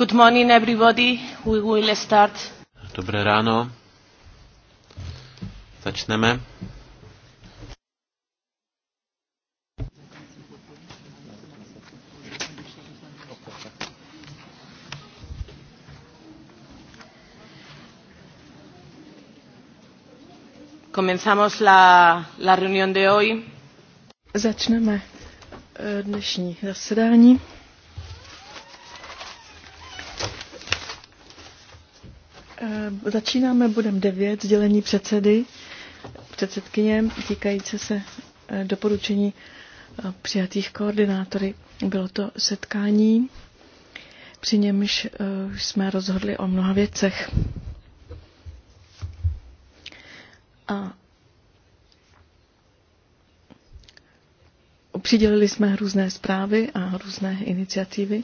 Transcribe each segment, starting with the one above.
Good morning everybody. We will start. Dobré ráno. Začneme. Comenzamos la, la reunión de hoy. Začneme eh, dnešní zasedání. Začínáme bodem 9, sdělení předsedy, předsedkyně týkající se eh, doporučení eh, přijatých koordinátory. Bylo to setkání, při němž eh, jsme rozhodli o mnoha věcech. A přidělili jsme různé zprávy a různé iniciativy.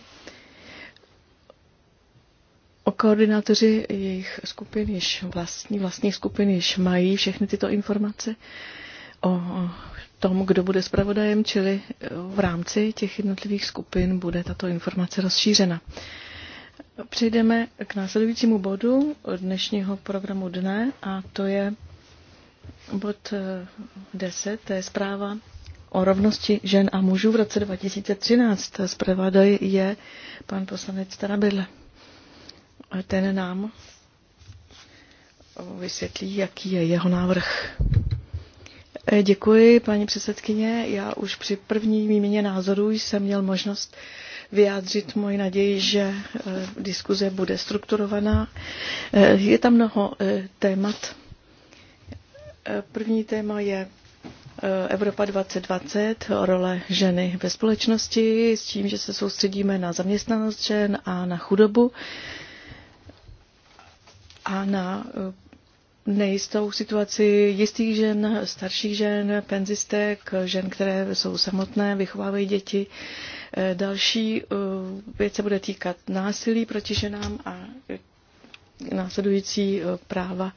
O koordinátoři jejich skupin již vlastní, vlastní skupiny již mají všechny tyto informace o tom, kdo bude zpravodajem, čili e, v rámci těch jednotlivých skupin bude tato informace rozšířena. Přejdeme k následujícímu bodu dnešního programu dne a to je bod 10, e, to je zpráva o rovnosti žen a mužů v roce 2013. Zpravodaj je pan poslanec Tarabidle ten nám eh, vysvětlí, jaký je jeho návrh. Eh, děkuji, paní předsedkyně. Já už při první výměně názorů jsem měl možnost vyjádřit moji naději, že eh, diskuze bude strukturovaná. Je tam mnoho témat. První téma je Evropa 2020, role ženy ve společnosti, s tím, že se soustředíme na zaměstnanost žen a na chudobu a na eh, nejistou situaci jistých žen, starších žen, penzistek, žen, které jsou samotné, vychovávají děti. Eh, další eh, věc se bude týkat násilí proti ženám a následující práva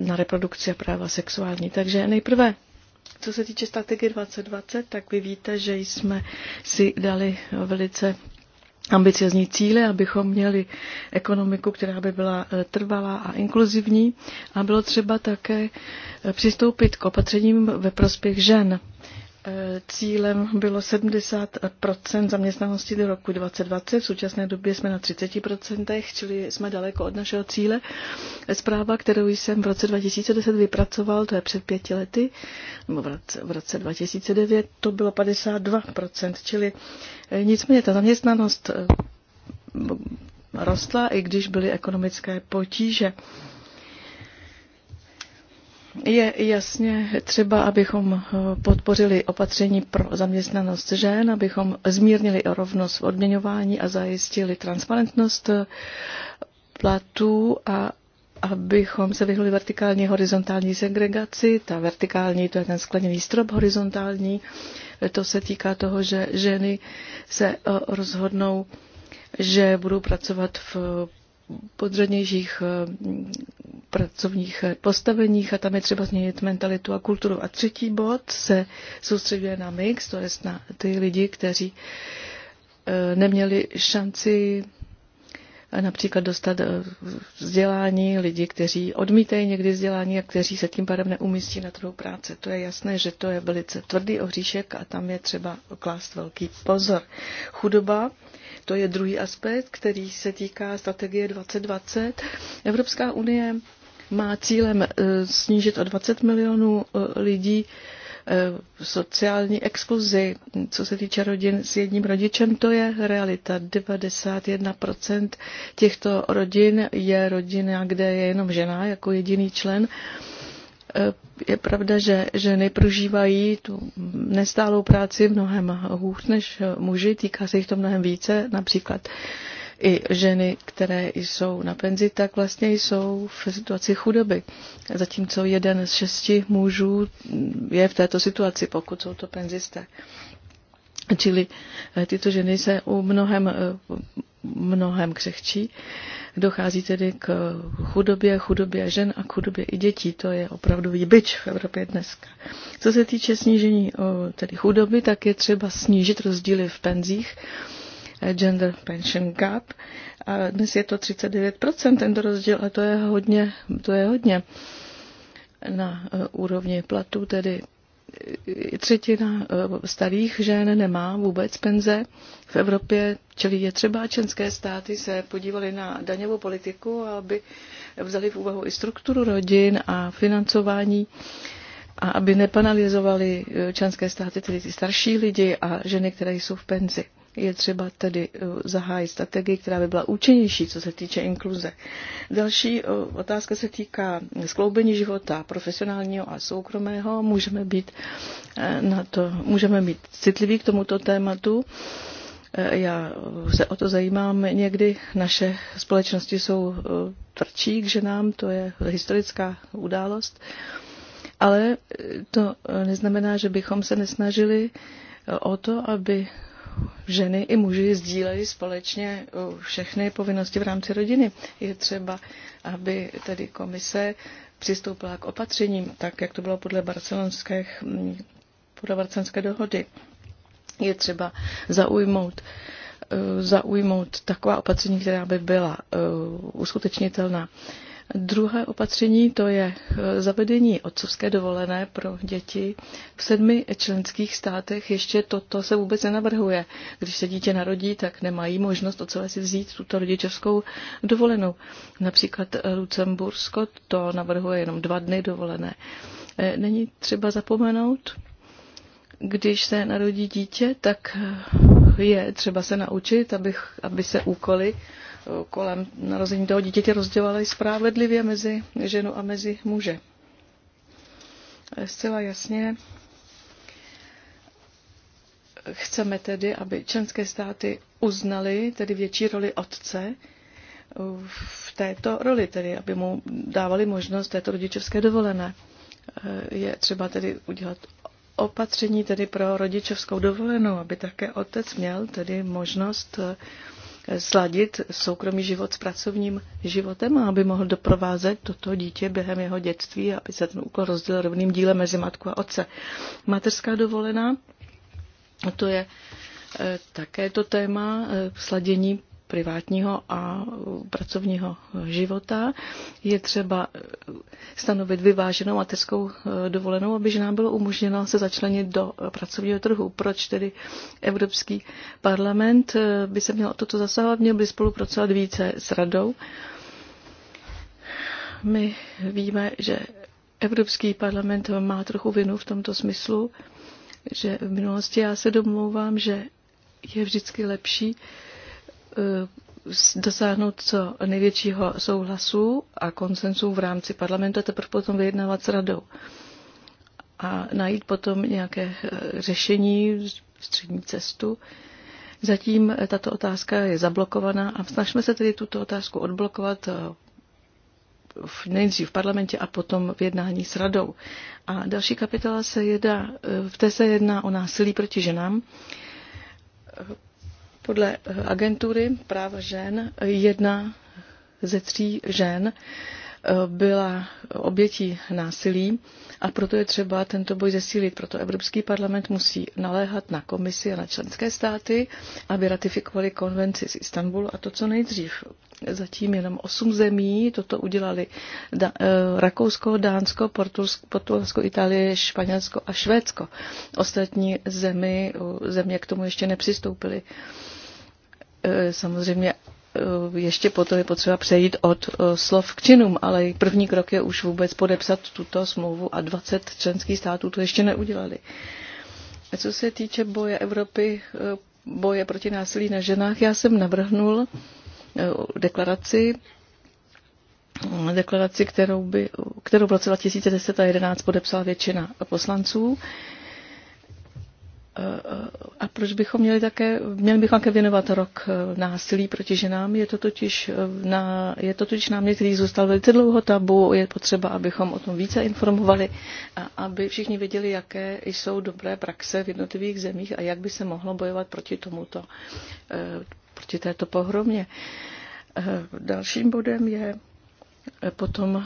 na reprodukci a práva sexuální. Takže nejprve, co se týče strategie 2020, tak vy víte, že jsme si dali velice ambiciozní cíle, abychom měli ekonomiku, která by byla eh, trvalá a inkluzivní a bylo třeba také eh, přistoupit k opatřením ve prospěch žen. Cílem bylo 70 zaměstnanosti do roku 2020. V současné době jsme na 30 čili jsme daleko od našeho cíle. Zpráva, kterou jsem v roce 2010 vypracoval, to je před pěti lety, nebo v roce, v roce 2009, to bylo 52 čili eh, nicméně ta zaměstnanost eh, rostla, i když byly ekonomické potíže. Je jasně třeba, abychom eh, podpořili opatření pro zaměstnanost žen, abychom zmírnili rovnost v odměňování a zajistili transparentnost eh, platů a abychom se vyhnuli vertikální horizontální segregaci. Ta vertikální, to je ten skleněný strop horizontální, eh, to se týká toho, že ženy se rozhodnou, že budou pracovat v podřadnějších eh, pracovních postaveních a tam je třeba změnit mentalitu a kulturu. A třetí bod se soustředuje na mix, to je na ty lidi, kteří eh, neměli šanci eh, například dostat vzdělání, lidi, kteří odmítají někdy vzdělání a kteří se tím pádem neumístí na trhu práce. To je jasné, že to je velice tvrdý ohříšek a tam je třeba klást velký pozor. Chudoba to je druhý aspekt, který se týká strategie 2020. Evropská unie má cílem eh, snížit o 20 milionů eh, lidí eh, sociální exkluzi, co se týče rodin s jedním rodičem, to je realita. 91% těchto rodin je rodina, kde je jenom žena jako jediný člen Eh, je pravda, že ženy prožívají tu nestálou práci mnohem hůř než muži, týká se jich to mnohem více, například i ženy, které jsou na penzi, tak vlastně jsou v situaci chudoby. Zatímco jeden z šesti mužů je v této situaci, pokud jsou to penzisté. Čili eh, tyto ženy se u mnohem eh, mnohem křehčí. Dochází tedy k chudobě, chudobě žen a k chudobě i dětí. To je opravdu výbič v Evropě dneska. Co se týče snížení tedy chudoby, tak je třeba snížit rozdíly v penzích eh, gender pension gap. A dnes je to 39% tento rozdíl a to je hodně, to je hodně na eh, úrovni platu, tedy třetina eh, starých žen nemá vůbec penze v Evropě, čili je třeba členské státy se podívaly na daňovou politiku, aby vzali v úvahu i strukturu rodin a financování a aby nepanalizovali eh, členské státy, tedy ty starší lidi a ženy, které jsou v penzi. Je třeba tedy eh, zahájit strategii, která by byla účinnější, co se týče inkluze. Další eh, otázka se týká skloubení života profesionálního a soukromého. Můžeme být, eh, na to, můžeme být citliví k tomuto tématu. Já se o to zajímám. Někdy naše společnosti jsou tvrdší k ženám, to je historická událost, ale to neznamená, že bychom se nesnažili o to, aby ženy i muži sdílejí společně eh, všechny povinnosti v rámci rodiny. Je třeba, aby tedy komise přistoupila k opatřením, tak jak to bylo podle barcelonských mm, podle barcelonské dohody. Je třeba zaujmout eh, zaujmout taková opatření, která by byla eh, uskutečnitelná. Uh, Druhé opatření to je eh, zavedení otcovské dovolené pro děti. V sedmi členských státech ještě toto se vůbec nenavrhuje. Když se dítě narodí, tak nemají možnost otcové si vzít tuto rodičovskou dovolenou. Například eh, Lucembursko to navrhuje jenom dva dny dovolené. Eh, není třeba zapomenout, když se narodí dítě, tak je třeba se naučit, aby, aby se úkoly kolem narození toho dítěte rozdělovali spravedlivě mezi ženu a mezi muže. Zcela jasně chceme tedy, aby členské státy uznaly tedy větší roli otce v této roli, tedy aby mu dávali možnost této rodičovské dovolené. Je třeba tedy udělat opatření tedy pro rodičovskou dovolenou, aby také otec měl tedy možnost sladit soukromý život s pracovním životem a aby mohl doprovázet toto dítě během jeho dětství, aby se ten úkol rozdělil rovným dílem mezi matku a otce. Mateřská dovolená, to je eh, také to téma eh, sladění privátního a pracovního života. Je třeba stanovit vyváženou mateřskou eh, dovolenou, aby ženám bylo umožněno se začlenit do pracovního trhu. Proč tedy Evropský parlament eh, by se měl o toto zasahovat, měl by spolupracovat více s radou. My víme, že Evropský parlament má trochu vinu v tomto smyslu, že v minulosti já se domlouvám, že je vždycky lepší Eh, dosáhnout co největšího souhlasu a konsensu v rámci parlamentu a teprve potom vyjednávat s radou. A najít potom nějaké eh, řešení, střední cestu. Zatím eh, tato otázka je zablokovaná a snažíme se tedy tuto otázku odblokovat v, nejdřív v parlamentě a potom v jednání s radou. A další kapitola se jedná, v té se jedná o násilí proti ženám. Podle eh, agentury práva žen jedna ze tří žen eh, byla obětí násilí a proto je třeba tento boj zesílit. Proto Evropský parlament musí naléhat na komisi a na členské státy, aby ratifikovali konvenci z Istanbulu a to co nejdřív. Zatím jenom osm zemí toto udělali. Da, eh, Rakousko, Dánsko, Portugalsko, Itálie, Španělsko a Švédsko. Ostatní zemi, země k tomu ještě nepřistoupily. Eh, samozřejmě eh, ještě potom je potřeba přejít od eh, slov k činům, ale první krok je už vůbec podepsat tuto smlouvu a 20 členských států to ještě neudělali. A co se týče boje Evropy, boje proti násilí na ženách, já jsem navrhnul deklaraci, deklaraci, kterou, by, kterou v roce 2010 a 2011 podepsala většina poslanců a proč bychom měli také, měli bychom také věnovat rok eh, násilí proti ženám? Je to totiž, eh, na, je to totiž námět, který zůstal velice dlouho tabu, je potřeba, abychom o tom více informovali a aby všichni věděli, jaké jsou dobré praxe v jednotlivých zemích a jak by se mohlo bojovat proti tomuto, eh, proti této pohromě. Dalším bodem je potom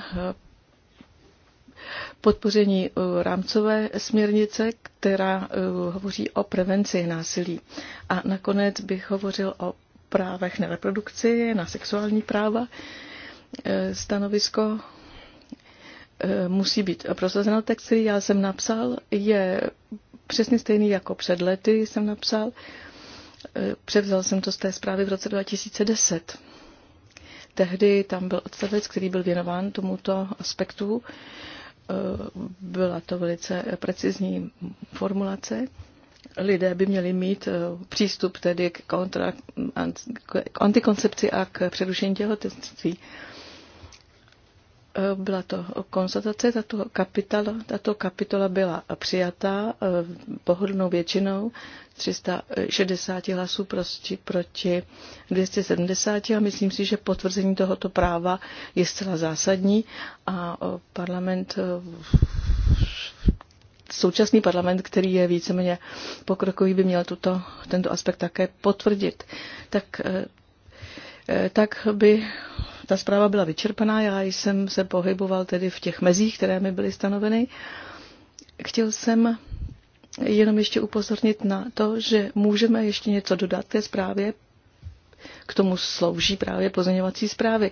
podpoření eh, rámcové směrnice, která eh, hovoří o prevenci násilí. A nakonec bych hovořil o právech na reprodukci, na sexuální práva. Eh, stanovisko musí být prosazeno. Text, který já jsem napsal, je přesně stejný jako před lety jsem napsal. Převzal jsem to z té zprávy v roce 2010. Tehdy tam byl odstavec, který byl věnován tomuto aspektu Eh, byla to velice precizní formulace. Lidé by měli mít eh, přístup tedy k, kontra, k antikoncepci a k přerušení těhotenství. Uh, Eh, byla to konstatace, tato kapitola, tato kapitola byla přijatá eh, pohodlnou většinou 360 hlasů proti, proti 270 a myslím si, že potvrzení tohoto práva je zcela zásadní a eh, parlament současný parlament, který je víceméně pokrokový, by měl tuto, tento aspekt také potvrdit. Tak tak by ta zpráva byla vyčerpaná, já jsem se pohyboval tedy v těch mezích, které mi byly stanoveny. Chtěl jsem jenom ještě upozornit na to, že můžeme ještě něco dodat té zprávě. K tomu slouží právě pozměňovací zprávy.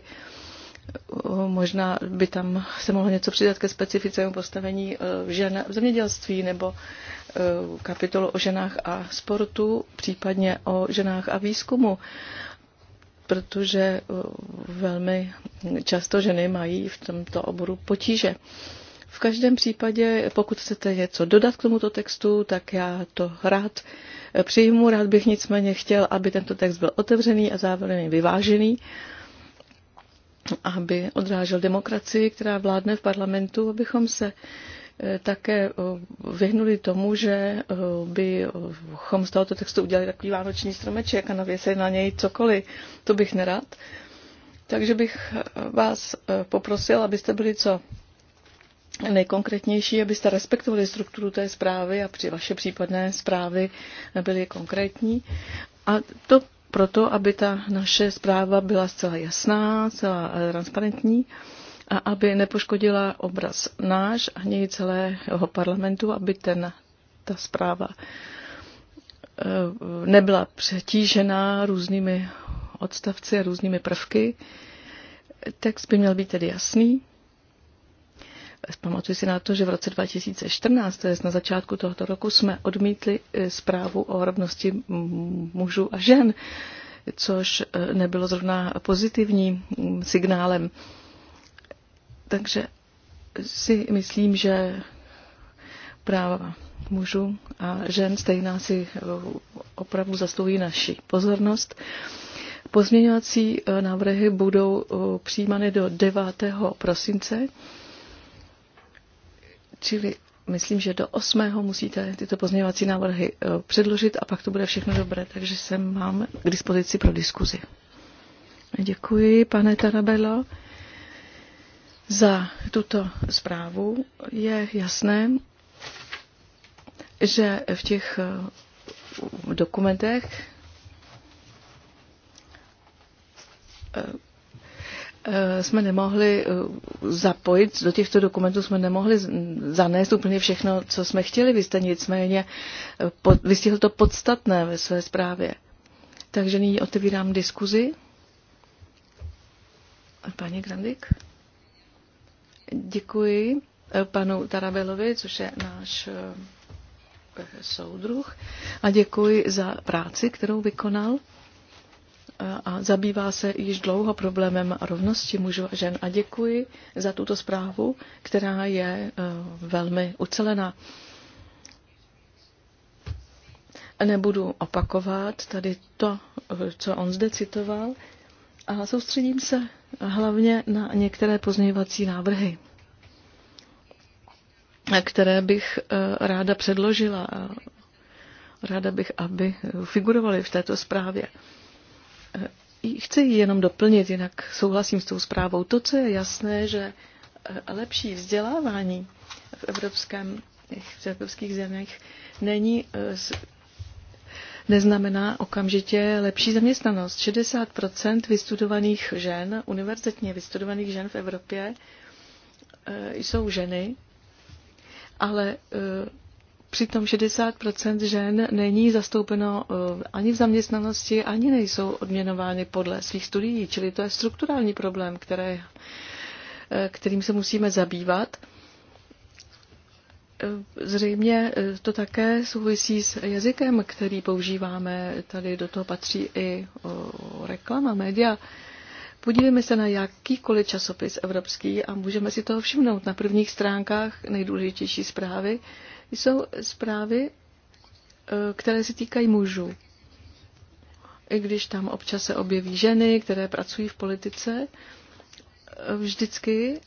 Možná by tam se mohlo něco přidat ke specifickému postavení eh, žen v zemědělství nebo eh, kapitolu o ženách a sportu, případně o ženách a výzkumu protože eh, velmi často ženy mají v tomto oboru potíže. V každém případě, pokud chcete něco dodat k tomuto textu, tak já to rád eh, přijmu. Rád bych nicméně chtěl, aby tento text byl otevřený a zároveň vyvážený, aby odrážel demokracii, která vládne v parlamentu, abychom se také eh, vyhnuli tomu, že eh, bychom z tohoto textu udělali takový vánoční stromeček a navěsili na něj cokoliv. To bych nerad. Takže bych eh, vás poprosil, abyste byli co nejkonkrétnější, abyste respektovali strukturu té zprávy a při vaše případné zprávy byly konkrétní. A to proto, aby ta naše zpráva byla zcela jasná, zcela transparentní a aby nepoškodila obraz náš ani celého parlamentu, aby ten, ta zpráva eh, nebyla přetížená různými odstavci a různými prvky. Text by měl být tedy jasný. Pamatuji si na to, že v roce 2014, to je na začátku tohoto roku, jsme odmítli eh, zprávu o rovnosti mužů a žen, což eh, nebylo zrovna pozitivním signálem. Takže si myslím, že práva mužů a žen stejná si opravdu zaslouží naši pozornost. Pozměňovací e, návrhy budou e, přijímány do 9. prosince, čili myslím, že do 8. musíte tyto pozměňovací návrhy e, předložit a pak to bude všechno dobré, takže jsem mám k dispozici pro diskuzi. Děkuji, pane Tarabelo za tuto zprávu. Je jasné, že v těch eh, dokumentech eh, eh, jsme nemohli zapojit, do těchto dokumentů jsme nemohli zanést úplně všechno, co jsme chtěli. Vy jste nicméně vystihl to podstatné ve své zprávě. Takže nyní otevírám diskuzi. Paní Grandik? Děkuji eh, panu Tarabelovi, což je náš eh, soudruh, a děkuji za práci, kterou vykonal eh, a zabývá se již dlouho problémem rovnosti mužů a žen. A děkuji za tuto zprávu, která je velmi ucelená. Nebudu opakovat tady to, co on zde citoval, a soustředím se hlavně na některé pozměňovací návrhy, které bych eh, ráda předložila. Ráda bych, aby figurovaly v této zprávě. Eh, chci ji jenom doplnit, jinak souhlasím s tou zprávou. To, co je jasné, že eh, lepší vzdělávání v evropském v evropských zemích není neznamená okamžitě lepší zaměstnanost. 60 vystudovaných žen, univerzitně vystudovaných žen v Evropě, eh, jsou ženy, ale eh, přitom 60 žen není zastoupeno eh, ani v zaměstnanosti, ani nejsou odměnovány podle svých studií, čili to je strukturální problém, které, kterým se musíme zabývat Zřejmě eh, to také souvisí s jazykem, který používáme. Tady do toho patří i reklama, média. Podívejme se na jakýkoliv časopis evropský a můžeme si toho všimnout. Na prvních stránkách nejdůležitější zprávy jsou zprávy, eh, které se týkají mužů. I když tam občas se objeví ženy, které pracují v politice, eh, vždycky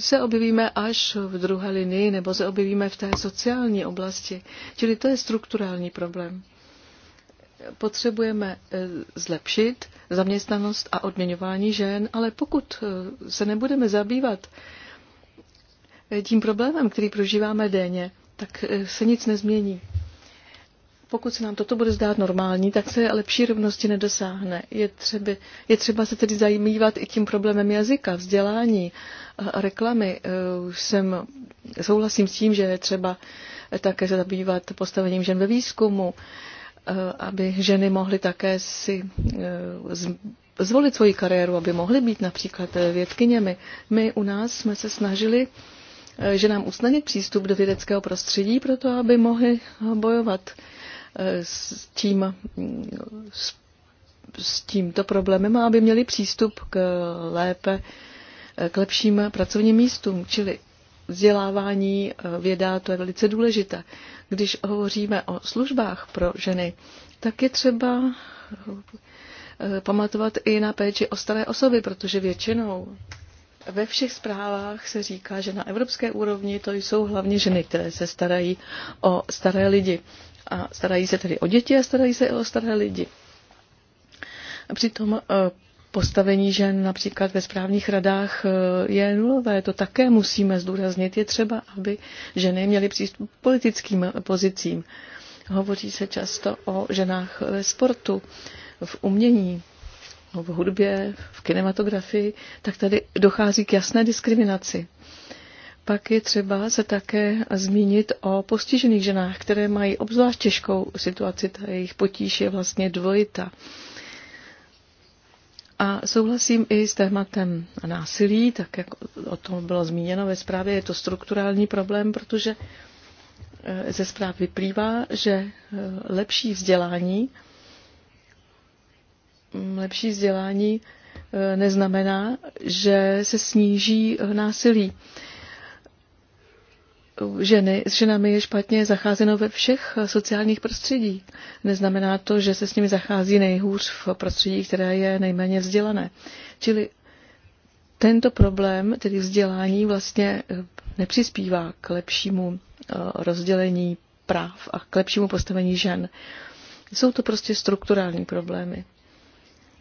se objevíme až v druhé linii nebo se objevíme v té sociální oblasti. Čili to je strukturální problém. Potřebujeme eh, zlepšit zaměstnanost a odměňování žen, ale pokud eh, se nebudeme zabývat eh, tím problémem, který prožíváme denně, tak se nic nezmění. Pokud se nám toto bude zdát normální, tak se lepší rovnosti nedosáhne. Je třeba, je třeba se tedy zajímat i tím problémem jazyka, vzdělání, eh, reklamy. Eh, jsem, souhlasím s tím, že je třeba také se zabývat postavením žen ve výzkumu, eh, aby ženy mohly také si zvolit svoji kariéru, aby mohly být například vědkyněmi. My u nás jsme se snažili že nám usnadnit přístup do vědeckého prostředí, proto aby mohli bojovat Eh, s tím s tímto problémem a aby měli přístup k lépe, eh, k lepším pracovním místům, čili vzdělávání, eh, věda, to je velice důležité. Když hovoříme o službách pro ženy, tak je třeba pamatovat i na péči o staré osoby, protože většinou ve všech zprávách se říká, že na evropské úrovni to jsou hlavně ženy, které se starají o staré lidi a starají se tedy o děti a starají se i o staré lidi. A přitom e, postavení žen například ve správních radách e, je nulové. To také musíme zdůraznit. Je třeba, aby ženy měly přístup k politickým pozicím. Hovoří se často o ženách ve sportu, v umění, v hudbě, v kinematografii, tak tady dochází k jasné diskriminaci. Pak je třeba se také zmínit o postižených ženách, které mají obzvlášť těžkou situaci, ta jejich potíž je vlastně dvojita. A souhlasím i s tématem násilí, tak jak o tom bylo zmíněno ve zprávě, je to strukturální problém, protože eh, ze zpráv vyplývá, že eh, lepší vzdělání, mm, lepší vzdělání eh, neznamená, že se sníží násilí. Jako ženy, s ženami je špatně zacházeno ve všech eh, sociálních prostředí. Neznamená to, že se s nimi zachází nejhůř v prostředí, které je nejméně vzdělané. Čili tento problém, tedy vzdělání, vlastně eh, nepřispívá k lepšímu eh, rozdělení práv a k lepšímu postavení žen. Jsou to prostě strukturální problémy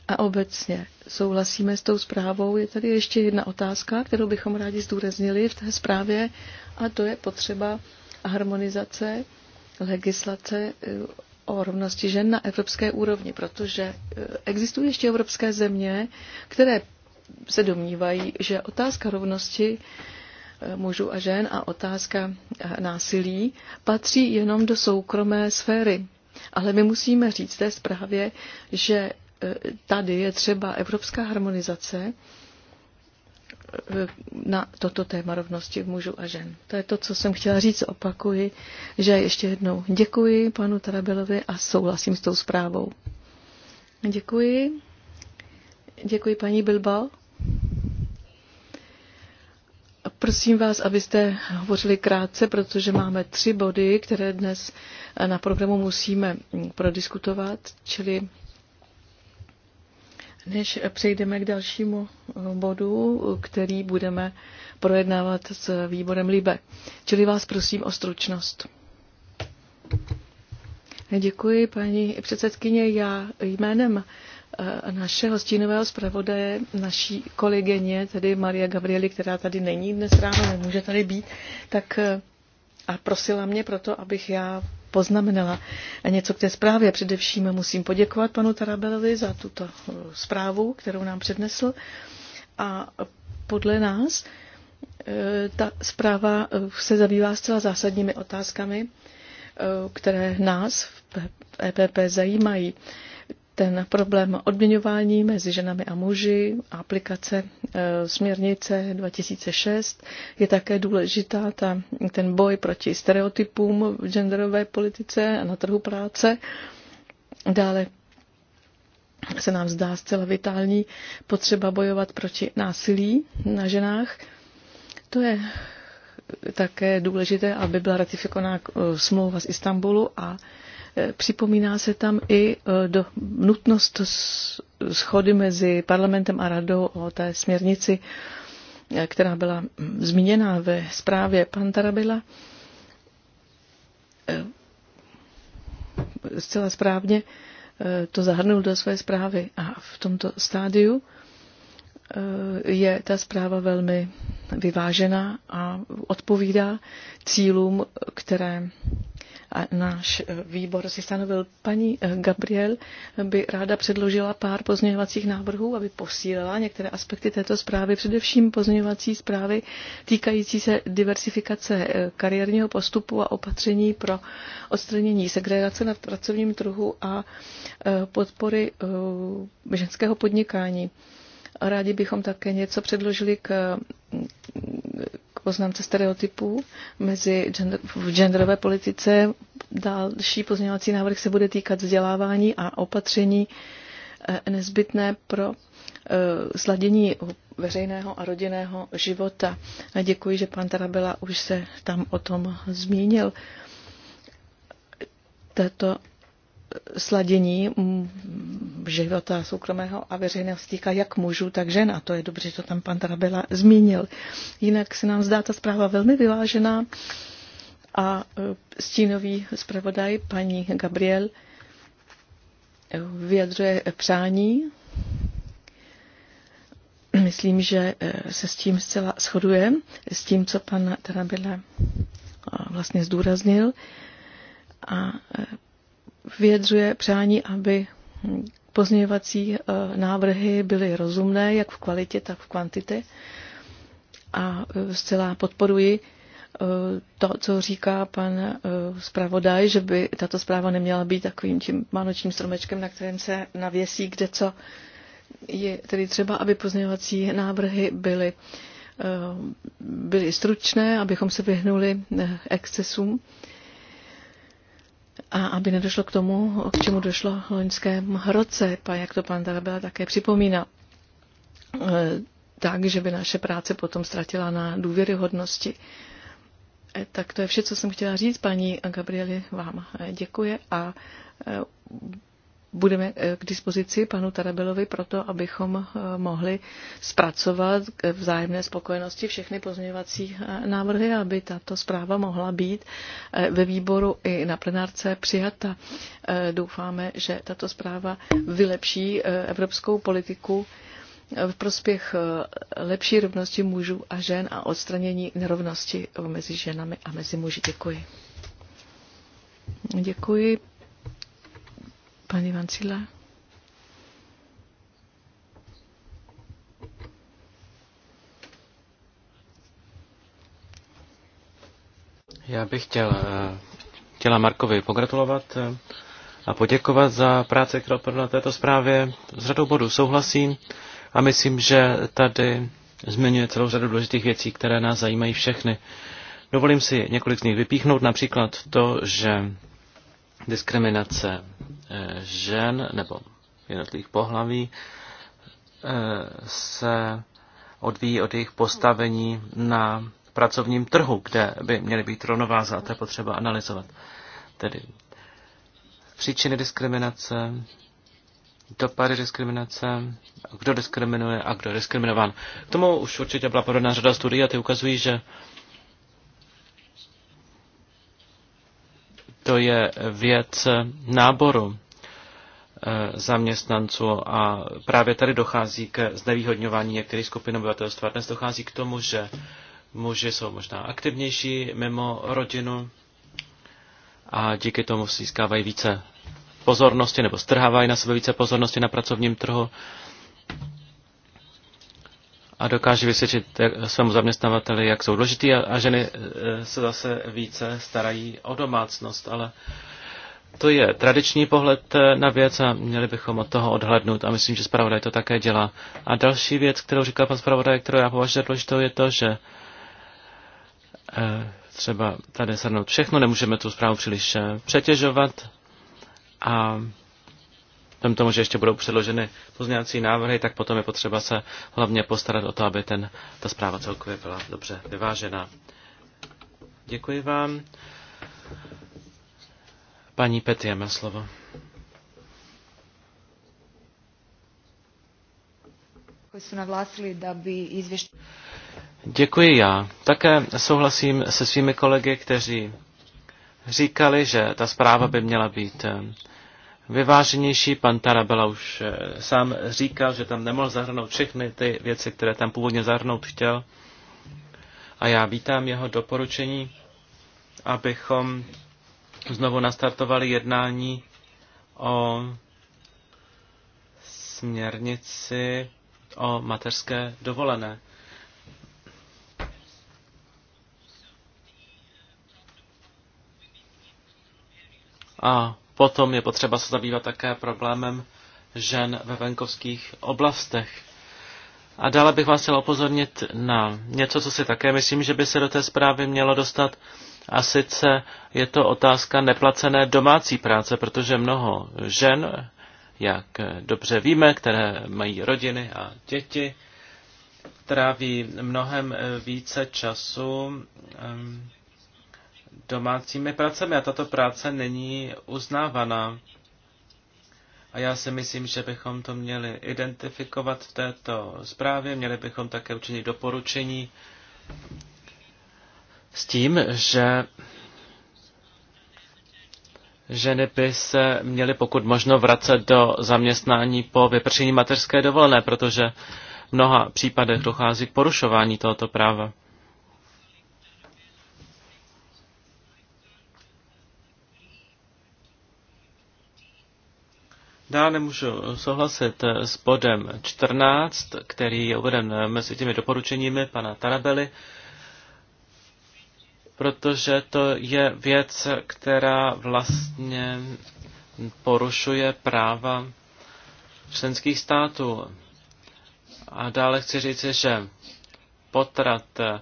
a obecně souhlasíme s tou zprávou. Je tady ještě jedna otázka, kterou bychom rádi zdůraznili v té zprávě, a to je potřeba harmonizace legislace eh, o rovnosti žen na evropské úrovni, protože eh, existují ještě evropské země, které se domnívají, že otázka rovnosti eh, mužů a žen a otázka násilí patří jenom do soukromé sféry. Ale my musíme říct té zprávě, že tady je třeba evropská harmonizace eh, na toto téma rovnosti mužů a žen. To je to, co jsem chtěla říct, opakuji, že ještě jednou děkuji panu Tarabelovi a souhlasím s tou zprávou. Děkuji. Děkuji paní Bilbao. Prosím vás, abyste hovořili krátce, protože máme tři body, které dnes na programu musíme prodiskutovat, čili než přejdeme k dalšímu eh, bodu, který budeme projednávat s výborem Libe. Čili vás prosím o stručnost. Děkuji, paní předsedkyně. Já jménem eh, našeho stínového zpravodaje, naší kolegyně, tedy Maria Gabrieli, která tady není dnes ráno, nemůže tady být, tak eh, a prosila mě proto, abych já poznamenala něco k té zprávě. Především musím poděkovat panu Tarabelovi za tuto eh, zprávu, kterou nám přednesl. A podle nás eh, ta zpráva eh, se zabývá zcela zásadními otázkami, které nás v EPP zajímají ten problém odměňování mezi ženami a muži, aplikace e, směrnice 2006 je také důležitá, ta, ten boj proti stereotypům v genderové politice a na trhu práce. Dále se nám zdá zcela vitální potřeba bojovat proti násilí na ženách. To je také důležité, aby byla ratifikovaná e, smlouva z Istanbulu a Eh, připomíná se tam i eh, do nutnost schody mezi parlamentem a radou o té směrnici, eh, která byla hm, zmíněna ve zprávě pan Tarabila. Zcela správně to zahrnul do své zprávy a v tomto stádiu je ta zpráva velmi vyvážená a odpovídá cílům, které a náš eh, výbor si stanovil. Paní eh, Gabriel by ráda předložila pár pozměňovacích návrhů, aby posílila některé aspekty této zprávy, především pozměňovací zprávy týkající se diversifikace eh, kariérního postupu a opatření pro odstranění segregace na pracovním trhu a podpory ženského podnikání. Rádi bychom také něco předložili k mm, poznámce stereotypů mezi gender, v genderové politice. Další pozměňovací návrh se bude týkat vzdělávání a opatření eh, nezbytné pro eh, sladění veřejného a rodinného života. A děkuji, že pan Tarabela už se tam o tom zmínil. Tato sladění života soukromého a veřejného stýká jak mužů, tak žen. A to je dobře, že to tam pan Tarabela zmínil. Jinak se nám zdá ta zpráva velmi vyvážená a e, stínový zpravodaj paní Gabriel e, vyjadřuje přání. Myslím, že e, se s tím zcela shoduje, s tím, co pan Tarabela vlastně zdůraznil. A vyjadřuje přání, aby pozměňovací eh, návrhy byly rozumné, jak v kvalitě, tak v kvantitě. A eh, zcela podporuji eh, to, co říká pan zpravodaj, že by tato zpráva neměla být takovým tím vánočním stromečkem, na kterém se navěsí kde co. Je tedy třeba, aby pozměňovací návrhy byly, byly stručné, abychom se vyhnuli excesům a aby nedošlo k tomu, k čemu došlo v loňském roce, a jak to pan Tarabela také připomíná, e, tak, že by naše práce potom ztratila na důvěryhodnosti. E, tak to je vše, co jsem chtěla říct. Paní Gabrieli vám e, děkuje a budeme eh, k dispozici panu Tarabelovi proto, abychom eh, mohli zpracovat k vzájemné spokojenosti všechny pozměňovací eh, návrhy, aby tato zpráva mohla být ve výboru i na plenárce přijata. Doufáme, že tato zpráva vylepší evropskou politiku v prospěch lepší rovnosti mužů a žen a odstranění nerovnosti mezi ženami a mezi muži. Děkuji. Děkuji Pani Vancila. Já bych chtěl, eh, chtěla Markovi pogratulovat eh, a poděkovat za práci, kterou na této zprávě. S řadou bodů souhlasím a myslím, že tady zmiňuje celou řadu důležitých věcí, které nás zajímají všechny. Dovolím si několik z nich vypíchnout, například to, že diskriminace žen nebo jednotlivých pohlaví eh, se odvíjí od jejich postavení na pracovním trhu, kde by měly být rovnováze a to je potřeba analyzovat. Tedy příčiny diskriminace, dopady diskriminace, kdo diskriminuje a kdo je diskriminován. K tomu už určitě byla podobná řada studií a ty ukazují, že to je věc náboru Eh, zaměstnanců a právě tady dochází k znevýhodňování některých skupin obyvatelstva. Dnes dochází k tomu, že muži jsou možná aktivnější mimo rodinu a díky tomu získávají více pozornosti nebo strhávají na sebe více pozornosti na pracovním trhu a dokáže vysvětlit svému zaměstnavateli, jak jsou důležitý a, a ženy eh, se zase více starají o domácnost, ale uh, to je tradiční pohled eh, na věc a měli bychom od toho odhlednout a myslím, že zpravodaj to také dělá. A další věc, kterou říkal pan zpravodaj, kterou já považuji za důležitou, je to, že eh, třeba tady shrnout všechno, nemůžeme tu zprávu příliš eh, přetěžovat a tam tomu, že ještě budou předloženy pozměňovací návrhy, tak potom je potřeba se hlavně postarat o to, aby ten, ta zpráva celkově byla dobře vyvážena. Děkuji vám. Paní Petie má slovo. Děkuji já. Také souhlasím se svými kolegy, kteří říkali, že ta zpráva by měla být eh, vyváženější. Pan Tarabela už eh, sám říkal, že tam nemohl zahrnout všechny ty věci, které tam původně zahrnout chtěl. A já vítám jeho doporučení, abychom znovu nastartovali jednání o směrnici o mateřské dovolené. A potom je potřeba se zabývat také problémem žen ve venkovských oblastech. A dále bych vás chtěl opozornit na něco, co si také myslím, že by se do té zprávy mělo dostat a sice je to otázka neplacené domácí práce, protože mnoho žen, jak dobře víme, které mají rodiny a děti, tráví mnohem více času domácími pracemi a tato práce není uznávaná. A já si myslím, že bychom to měli identifikovat v této zprávě, měli bychom také učinit doporučení s tím, že ženy by se měly pokud možno vracet do zaměstnání po vypršení mateřské dovolené, protože v mnoha případech dochází k porušování tohoto práva. Dále nemůžu souhlasit s bodem 14, který je uveden mezi těmi doporučeními pana Tarabely protože to je věc, která vlastně porušuje práva členských států. A dále chci říct, že potrat eh,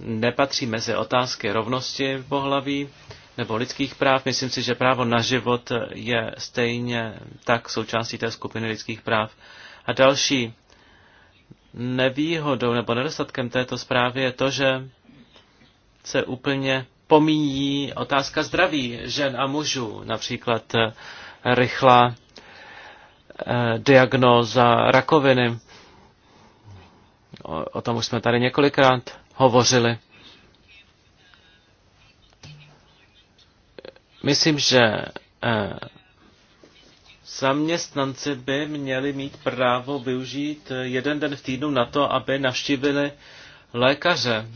nepatří mezi otázky rovnosti pohlaví nebo lidských práv. Myslím si, že právo na život je stejně tak součástí té skupiny lidských práv. A další nevýhodou nebo nedostatkem této zprávy je to, že se úplně pomíjí otázka zdraví žen a mužů, například eh, rychlá eh, diagnóza rakoviny. O, o tom už jsme tady několikrát hovořili. Myslím, že eh, zaměstnanci by měli mít právo využít jeden den v týdnu na to, aby navštívili lékaře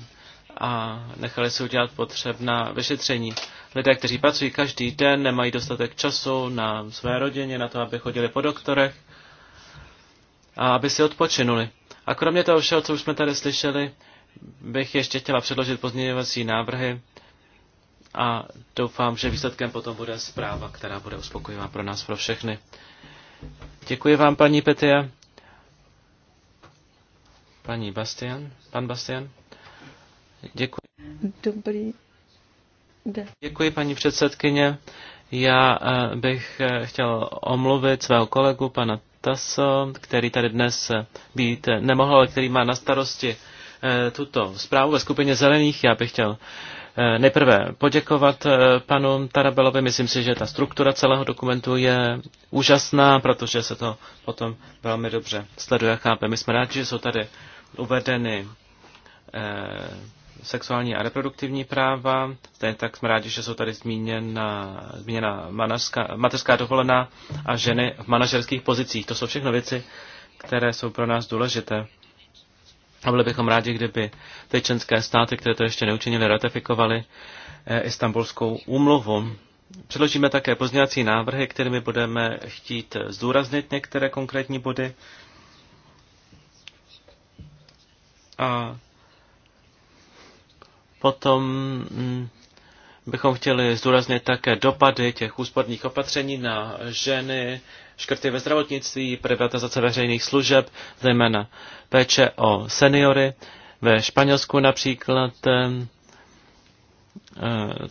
a nechali si udělat potřebná vyšetření. Lidé, kteří pracují každý den, nemají dostatek času na své rodině, na to, aby chodili po doktorech a aby si odpočinuli. A kromě toho všeho, co už jsme tady slyšeli, bych ještě chtěla předložit pozměňovací návrhy a doufám, že výsledkem potom bude zpráva, která bude uspokojivá pro nás, pro všechny. Děkuji vám, paní Petia. Paní Bastian, pan Bastian. Děkuji. Dobrý den. Děkuji, paní předsedkyně. Já eh, bych eh, chtěl omluvit svého kolegu, pana Taso, který tady dnes eh, být nemohl, ale který má na starosti tuto zprávu ve skupině zelených. Já bych chtěl nejprve poděkovat panu Tarabelovi. Myslím si, že ta struktura celého dokumentu je úžasná, protože se to potom velmi dobře sleduje a chápe. My jsme rádi, že jsou tady uvedeny sexuální a reproduktivní práva. Stejně tak jsme rádi, že jsou tady zmíněna, zmíněna manažská, mateřská dovolená a ženy v manažerských pozicích. To jsou všechno věci, které jsou pro nás důležité. A byli bychom rádi, kdyby ty členské státy, které to ještě neučinili, ratifikovaly eh, Istanbulskou úmluvu. Předložíme také pozměňovací návrhy, kterými budeme chtít zdůraznit některé konkrétní body. A Potom mm, bychom chtěli zdůraznit také dopady těch úsporných opatření na ženy, škrty ve zdravotnictví, privatizace veřejných služeb, zejména péče o seniory. Ve Španělsku například eh,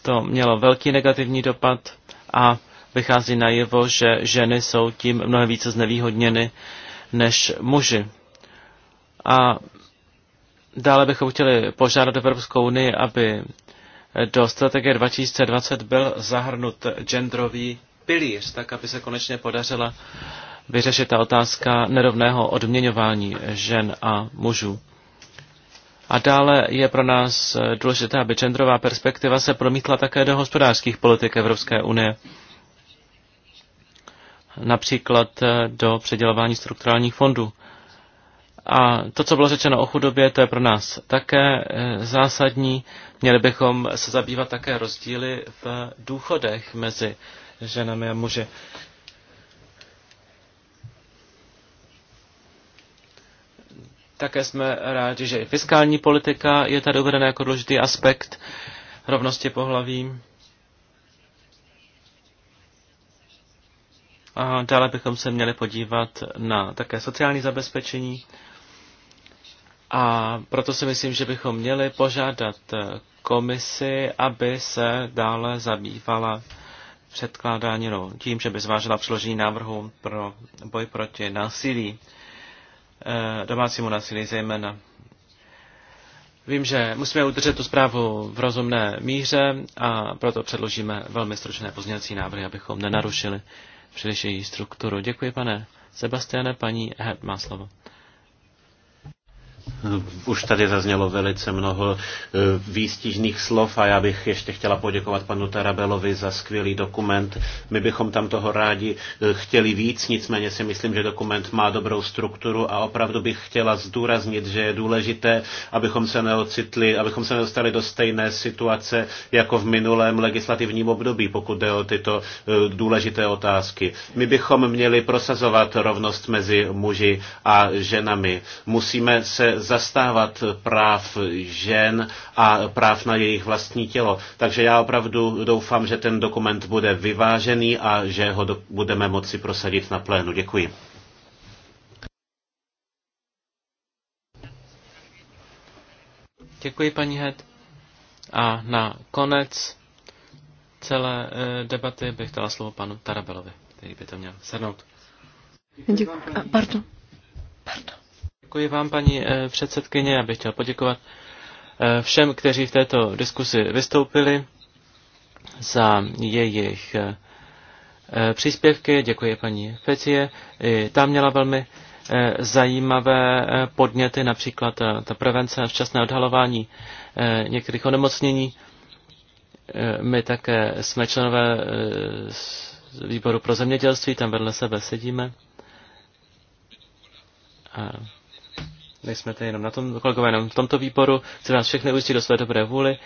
to mělo velký negativní dopad a vychází najevo, že ženy jsou tím mnohem více znevýhodněny než muži. A Dále bychom chtěli požádat Evropskou unii, aby do strategie 2020 byl zahrnut genderový pilíř, tak aby se konečně podařila vyřešit ta otázka nerovného odměňování žen a mužů. A dále je pro nás důležité, aby genderová perspektiva se promítla také do hospodářských politik Evropské unie. Například do předělování strukturálních fondů. A to, co bylo řečeno o chudobě, to je pro nás také eh, zásadní. Měli bychom se zabývat také rozdíly v důchodech mezi ženami a muži. Také jsme rádi, že i fiskální politika je tady uvedena jako důležitý aspekt rovnosti pohlaví. A dále bychom se měli podívat na také sociální zabezpečení. A proto si myslím, že bychom měli požádat eh, komisi, aby se dále zabývala předkládání, no, tím, že by zvážila přiložení návrhu pro boj proti násilí, eh, domácímu násilí zejména. Vím, že musíme udržet tu zprávu v rozumné míře a proto předložíme velmi stručné pozměňovací návrhy, abychom nenarušili příliš její strukturu. Děkuji, pane Sebastiane, paní Hed má slovo. Už tady zaznělo velice mnoho eh, výstižných slov a já bych ještě chtěla poděkovat panu Tarabelovi za skvělý dokument. My bychom tam toho rádi eh, chtěli víc, nicméně si myslím, že dokument má dobrou strukturu a opravdu bych chtěla zdůraznit, že je důležité, abychom se neocitli, abychom se nedostali do stejné situace jako v minulém legislativním období, pokud jde o tyto eh, důležité otázky. My bychom měli prosazovat rovnost mezi muži a ženami. Musíme se zastávat práv žen a práv na jejich vlastní tělo. Takže já opravdu doufám, že ten dokument bude vyvážený a že ho do, budeme moci prosadit na plénu. Děkuji. Děkuji, paní Het. A na konec celé eh, debaty bych dala slovo panu Tarabelovi, který by to měl sednout. Děkuji. Pardon. Pardon. Děkuji vám, paní eh, předsedkyně. Já bych chtěl poděkovat eh, všem, kteří v této diskusi vystoupili za jejich eh, příspěvky. Děkuji paní Fecie. I ta měla velmi zajímavé podněty, například ta prevence a včasné odhalování některých onemocnění. My také jsme členové výboru pro zemědělství, tam vedle sebe sedíme nejsme tady jenom na tom, kolegové, jenom v tomto výboru. Chci vás všechny ujistit do své dobré vůli,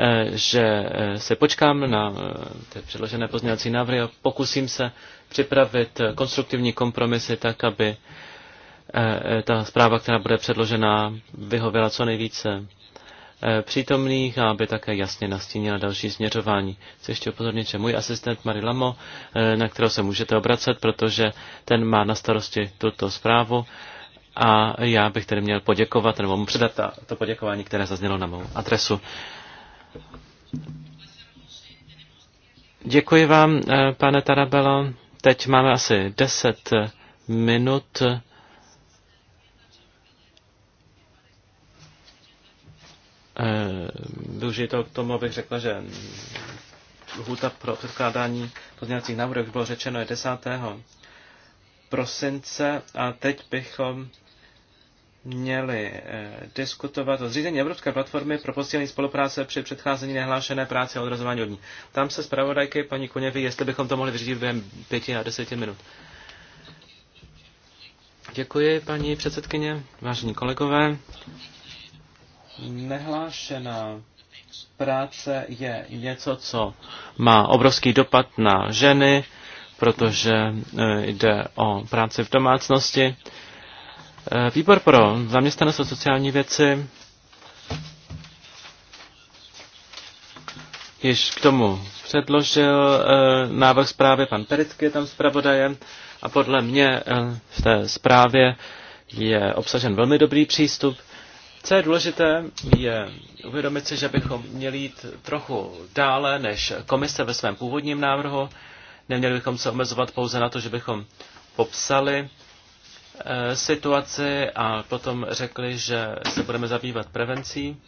eh, že eh, se počkám na eh, ty předložené pozměňovací návrhy a pokusím se připravit konstruktivní kompromisy tak, aby ta zpráva, která bude předložena, vyhověla co nejvíce přítomných a aby také jasně nastínila další směřování. Chci ještě upozornit, že můj asistent Mari Lamo, na kterou se můžete obracet, protože ten má na starosti tuto zprávu, a já bych tedy měl poděkovat, nebo mu předat to, to poděkování, které zaznělo na mou adresu. Děkuji vám, eh, pane Tarabelo. Teď máme asi 10 minut. Eh, využiji to k tomu, abych řekla, že lhůta pro předkládání pozměňovacích návrhů, bylo řečeno, je 10 prosince a teď bychom měli eh, diskutovat o zřízení Evropské platformy pro posílení spolupráce při předcházení nehlášené práce a odrazování od ní. Tam se zpravodajky paní Koněvy, jestli bychom to mohli vyřídit během pěti a deseti minut. Děkuji, paní předsedkyně, vážení kolegové. Nehlášená práce je něco, co má obrovský dopad na ženy, protože eh, jde o práci v domácnosti. Eh, výbor pro zaměstnanost a sociální věci již k tomu předložil eh, návrh zprávy, pan Perický je tam zpravodajem a podle mě v té zprávě je obsažen velmi dobrý přístup. Co je důležité, je uvědomit si, že bychom měli jít trochu dále než komise ve svém původním návrhu. Neměli bychom se omezovat pouze na to, že bychom popsali eh, situaci a potom řekli, že se budeme zabývat prevencí,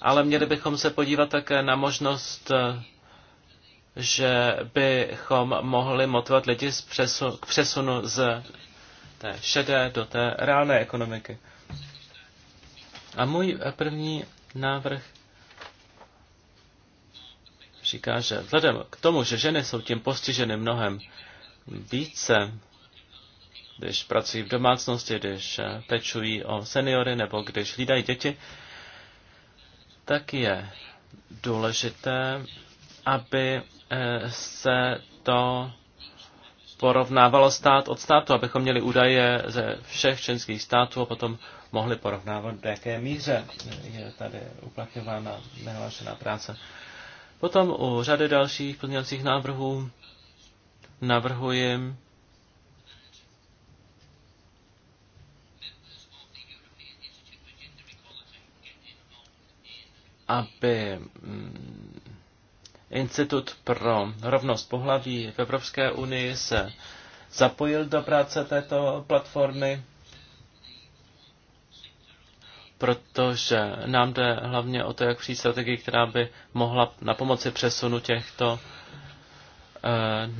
ale měli bychom se podívat také na možnost, eh, že bychom mohli motivovat lidi z přesu, k přesunu z té šedé do té reálné ekonomiky. A můj eh, první návrh říká, že vzhledem k tomu, že ženy jsou tím postiženy mnohem více, když pracují v domácnosti, když eh, pečují o seniory nebo když hlídají děti, tak je důležité, aby eh, se to porovnávalo stát od státu, abychom měli údaje ze všech členských států a potom mohli porovnávat, do jaké míře je tady uplatňována nehlášená práce. Potom u řady dalších pozměňovacích návrhů navrhuji aby mm, Institut pro rovnost pohlaví v Evropské unii se zapojil do práce této platformy protože nám jde hlavně o to, jak přijít strategii, která by mohla na pomoci přesunu těchto eh,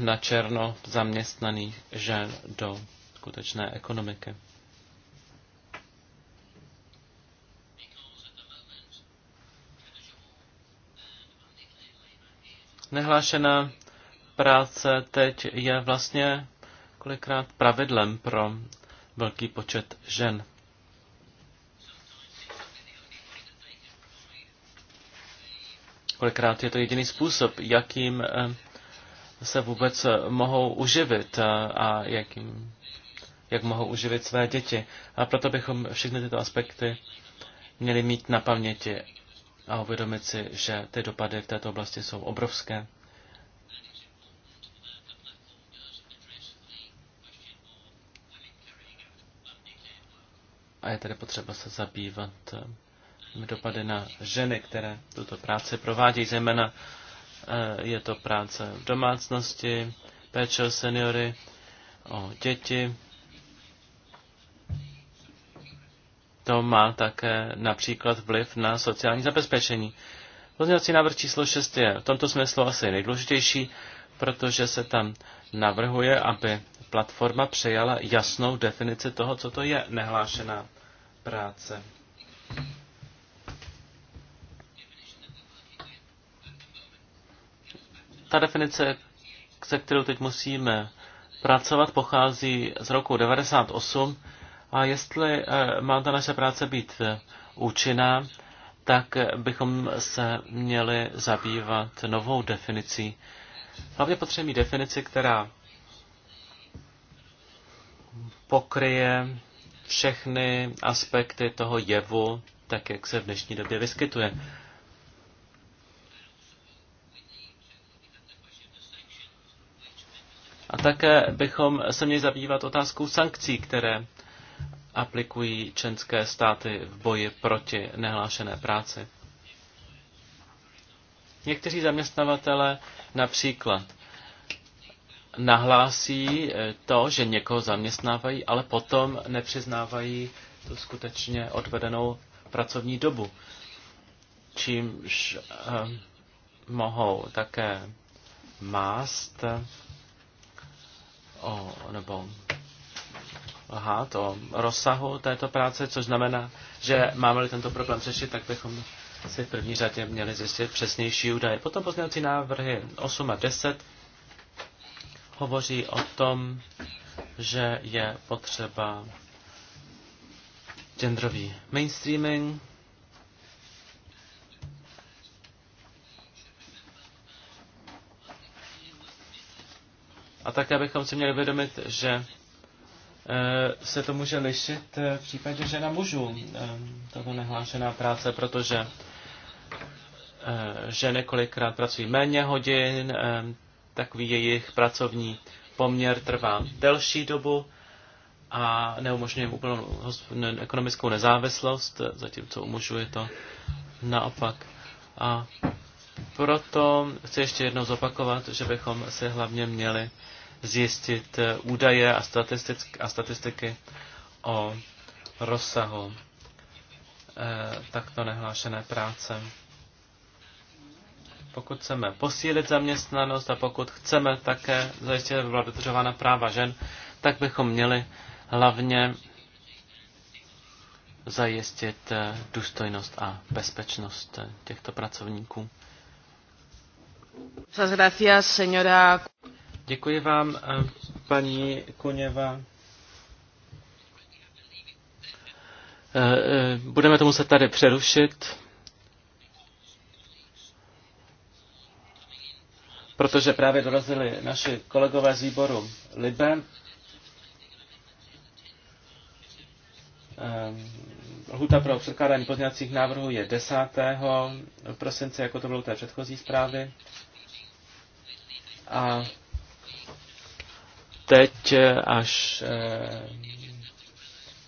na černo zaměstnaných žen do skutečné ekonomiky. Nehlášená práce teď je vlastně kolikrát pravidlem pro velký počet žen. Kolikrát je to jediný způsob, jakým eh, se vůbec eh, mohou uživit eh, a jakým, jak mohou uživit své děti. A proto bychom všechny tyto aspekty měli mít na paměti a uvědomit si, že ty dopady v této oblasti jsou obrovské. A je tedy potřeba se zabývat dopady na ženy, které tuto práci provádějí, zejména eh, je to práce v domácnosti, péče o seniory, o děti. To má také například vliv na sociální zabezpečení. Pozměňovací návrh číslo 6 je v tomto smyslu asi nejdůležitější, protože se tam navrhuje, aby platforma přejala jasnou definici toho, co to je nehlášená práce. Ta definice, se kterou teď musíme pracovat, pochází z roku 98 a jestli eh, má ta naše práce být eh, účinná, tak eh, bychom se měli zabývat novou definicí. Hlavně potřebujeme definici, která pokryje všechny aspekty toho jevu, tak jak se v dnešní době vyskytuje. A také bychom se měli zabývat otázkou sankcí, které aplikují členské státy v boji proti nehlášené práci. Někteří zaměstnavatele například nahlásí eh, to, že někoho zaměstnávají, ale potom nepřiznávají tu skutečně odvedenou pracovní dobu, čímž eh, mohou také mást o, nebo lhát o rozsahu této práce, což znamená, že máme-li tento problém řešit, tak bychom si v první řadě měli zjistit přesnější údaje. Potom pozměňovací návrhy 8 a 10 hovoří o tom, že je potřeba genderový mainstreaming, A také bychom si měli vědomit, že eh, se to může lišit eh, v případě žena mužů, eh, tato nehlášená práce, protože ženy kolikrát pracují méně hodin, takový jejich pracovní poměr trvá delší dobu a neumožňuje úplnou ekonomickou nezávislost, zatímco u mužů je to naopak. A proto chci ještě jednou zopakovat, že bychom si hlavně měli zjistit eh, údaje a, statistiky, a statistiky o rozsahu eh, takto nehlášené práce. Pokud chceme posílit zaměstnanost a pokud chceme také zajistit, aby byla dodržována práva žen, tak bychom měli hlavně zajistit eh, důstojnost a bezpečnost eh, těchto pracovníků. Děkuji vám, eh, paní Koněva. Eh, eh, budeme to muset tady přerušit, protože právě dorazili naši kolegové z výboru Libe. Lhuta pro předkládání pozměňovacích návrhů je 10. prosince, jako to bylo u té předchozí zprávy. A teď, eh, až eh,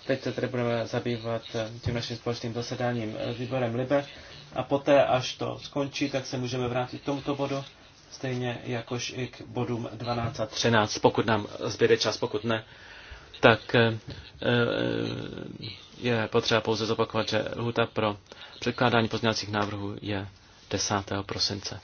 teď se tedy budeme zabývat eh, tím naším společným zasedáním výborem Libe a poté, až to skončí, tak se můžeme vrátit k tomuto bodu, stejně jakož i k bodům 12 a 13, pokud nám zbyde čas, pokud ne, tak je potřeba pouze zopakovat, že lhuta pro předkládání pozměňovacích návrhů je 10. prosince.